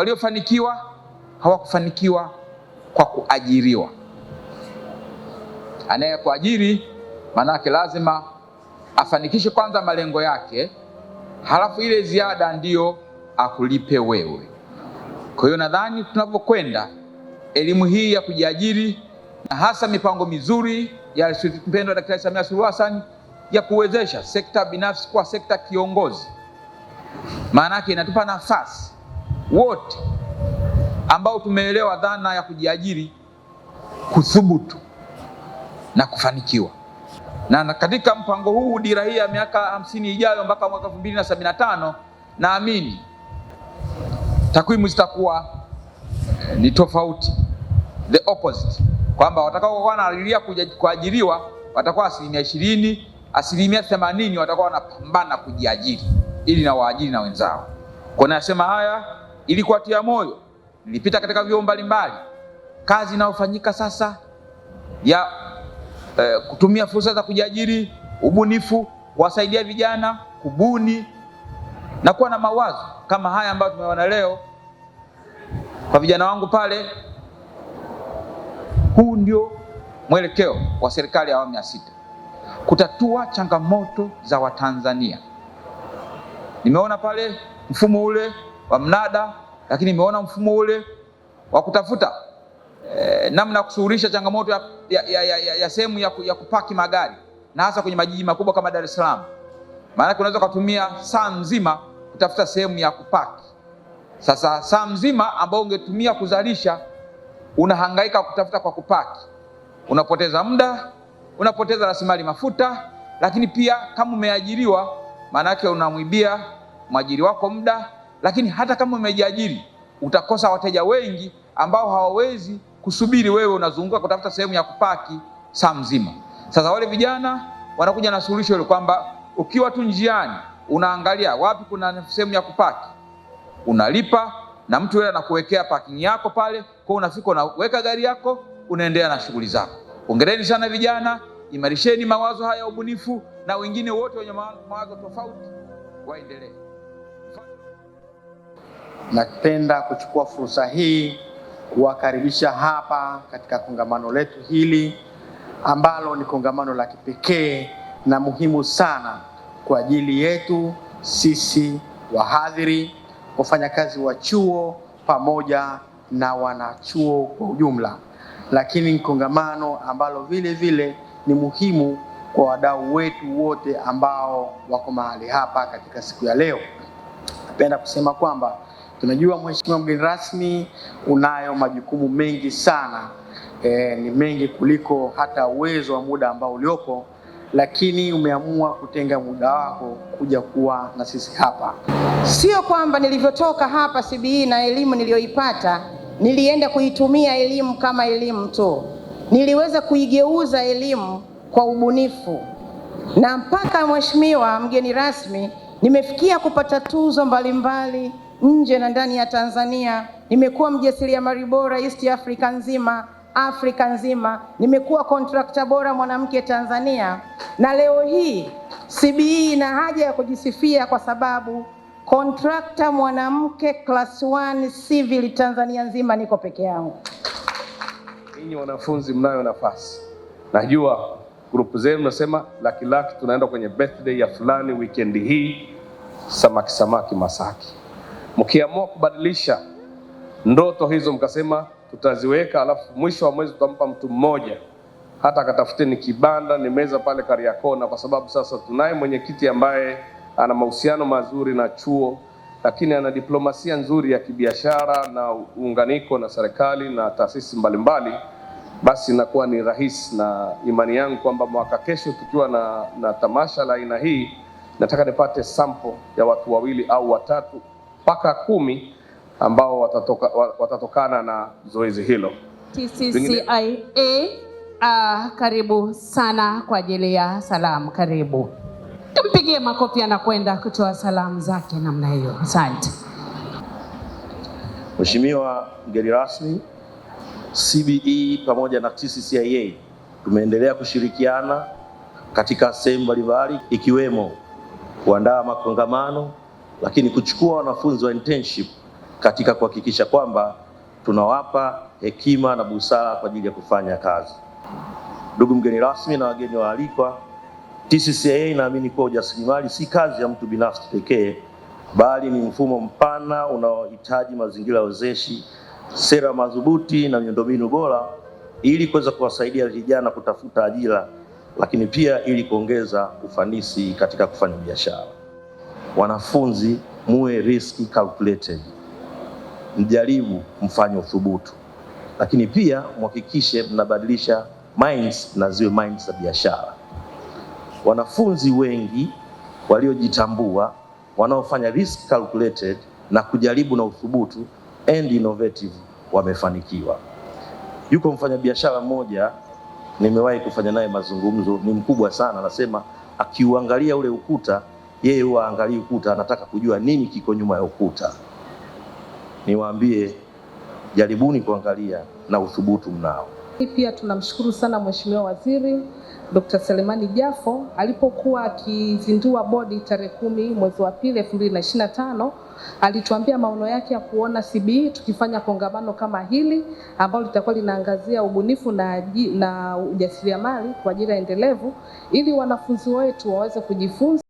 Waliofanikiwa hawakufanikiwa kwa kuajiriwa. Anayekuajiri maanake lazima afanikishe kwanza malengo yake, halafu ile ziada ndiyo akulipe wewe. Kwa hiyo nadhani tunapokwenda, elimu hii ya kujiajiri na hasa mipango mizuri ya mpendwa Daktari Samia Suluhu Hassan ya kuwezesha sekta binafsi kuwa sekta kiongozi, maanake inatupa nafasi wote ambao tumeelewa dhana ya kujiajiri kuthubutu na kufanikiwa. Na katika mpango huu, dira hii ya miaka hamsini ijayo mpaka mwaka na tano naamini takwimu zitakuwa eh, ni tofauti, the opposite, kwamba watakaokuwa wanalilia kuajiriwa watakuwa asilimia ishirini, asilimia themanini watakuwa wanapambana kujiajiri ili na waajiri na wenzao. Kwa nasema haya ili kuwatia moyo. Nilipita katika vyuo mbalimbali. Kazi inayofanyika sasa ya eh, kutumia fursa za kujiajiri, ubunifu, kuwasaidia vijana kubuni na kuwa na mawazo kama haya ambayo tumeona leo kwa vijana wangu pale. Huu ndio mwelekeo wa serikali ya awamu ya sita, kutatua changamoto za Watanzania. Nimeona pale mfumo ule wa mnada, lakini imeona mfumo ule wa kutafuta e, namna ya kusuluhisha changamoto ya, ya, ya, ya, ya sehemu ya, ya kupaki magari na hasa kwenye majiji makubwa kama Dar es Salaam. Maanake unaweza kutumia saa nzima kutafuta sehemu ya kupaki. Sasa saa nzima ambayo ungetumia kuzalisha unahangaika kutafuta kwa kupaki, unapoteza muda, unapoteza rasilimali mafuta, lakini pia kama umeajiriwa, yake unamwibia mwajiri wako muda lakini hata kama umejiajiri utakosa wateja wengi ambao hawawezi kusubiri wewe unazunguka kutafuta sehemu ya kupaki saa mzima. Sasa wale vijana wanakuja na suluhisho ile kwamba ukiwa tu njiani unaangalia wapi kuna sehemu ya kupaki, unalipa na mtu yule anakuwekea parking yako pale, kwa unafika unaweka gari yako unaendelea na shughuli zako. Hongereni sana vijana, imarisheni mawazo haya ya ubunifu, na wengine wote wenye mawazo tofauti waendelee. Napenda kuchukua fursa hii kuwakaribisha hapa katika kongamano letu hili ambalo ni kongamano la kipekee na muhimu sana kwa ajili yetu sisi wahadhiri, wafanyakazi wa chuo pamoja na wanachuo kwa ujumla, lakini kongamano ambalo vile vile ni muhimu kwa wadau wetu wote ambao wako mahali hapa katika siku ya leo. Napenda kusema kwamba Tunajua mheshimiwa mgeni rasmi, unayo majukumu mengi sana e, ni mengi kuliko hata uwezo wa muda ambao uliopo, lakini umeamua kutenga muda wako kuja kuwa na sisi hapa. Sio kwamba nilivyotoka hapa CBE na elimu niliyoipata nilienda kuitumia elimu kama elimu tu, niliweza kuigeuza elimu kwa ubunifu, na mpaka mheshimiwa mgeni rasmi nimefikia kupata tuzo mbalimbali mbali nje na ndani ya Tanzania. Nimekuwa mjasiriamali bora East Africa nzima, Afrika nzima. Nimekuwa kontrakta bora mwanamke Tanzania, na leo hii CBE ina haja ya kujisifia kwa sababu kontrakta mwanamke class 1 civil Tanzania nzima niko peke yangu. Ninyi wanafunzi mnayo nafasi, najua grupu zenu nasema laki laki, tunaenda kwenye birthday ya fulani weekend hii, samaki samaki Masaki mkiamua kubadilisha ndoto hizo mkasema tutaziweka, alafu mwisho wa mwezi tutampa mtu mmoja, hata akatafuteni kibanda ni meza pale Kariakona, kwa sababu sasa tunaye mwenyekiti ambaye ana mahusiano mazuri na chuo, lakini ana diplomasia nzuri ya kibiashara na uunganiko na serikali na taasisi mbalimbali, basi inakuwa ni rahisi, na imani yangu kwamba mwaka kesho tukiwa na, na tamasha la aina hii nataka nipate sample ya watu wawili au watatu mpaka kumi ambao watatoka, watatokana na zoezi hilo. TCCIA uh, ah, karibu sana kwa ajili ya salamu. Karibu tumpigie makofi, anakwenda kutoa salamu zake namna hiyo. Asante Mheshimiwa mgeni rasmi. CBE pamoja na TCCIA tumeendelea kushirikiana katika sehemu mbalimbali ikiwemo kuandaa makongamano lakini kuchukua wanafunzi wa internship katika kuhakikisha kwamba tunawapa hekima na busara kwa ajili ya kufanya kazi. Ndugu mgeni rasmi na wageni waalikwa, TCCIA inaamini kuwa ujasiriamali si kazi ya mtu binafsi pekee, bali ni mfumo mpana unaohitaji mazingira wezeshi, sera madhubuti na miundombinu bora, ili kuweza kuwasaidia vijana kutafuta ajira, lakini pia ili kuongeza ufanisi katika kufanya biashara wanafunzi muwe risk calculated, mjaribu mfanye uthubutu, lakini pia mhakikishe mnabadilisha minds na ziwe minds za biashara. Wanafunzi wengi waliojitambua wanaofanya risk calculated na kujaribu na uthubutu and innovative wamefanikiwa. Yuko mfanyabiashara mmoja nimewahi kufanya naye mazungumzo, ni mkubwa sana, anasema akiuangalia ule ukuta yeye huwa angalii ukuta, anataka kujua nini kiko nyuma ya ukuta. Niwaambie, jaribuni kuangalia na uthubutu mnao. Pia tunamshukuru sana Mheshimiwa Waziri Dr. Selemani Jafo alipokuwa akizindua bodi tarehe kumi mwezi wa pili elfu mbili na ishirini na tano alituambia maono yake ya kuona CBE tukifanya kongamano kama hili ambalo litakuwa linaangazia ubunifu na, na ujasiriamali kwa ajili ya endelevu ili wanafunzi wetu waweze kujifunza.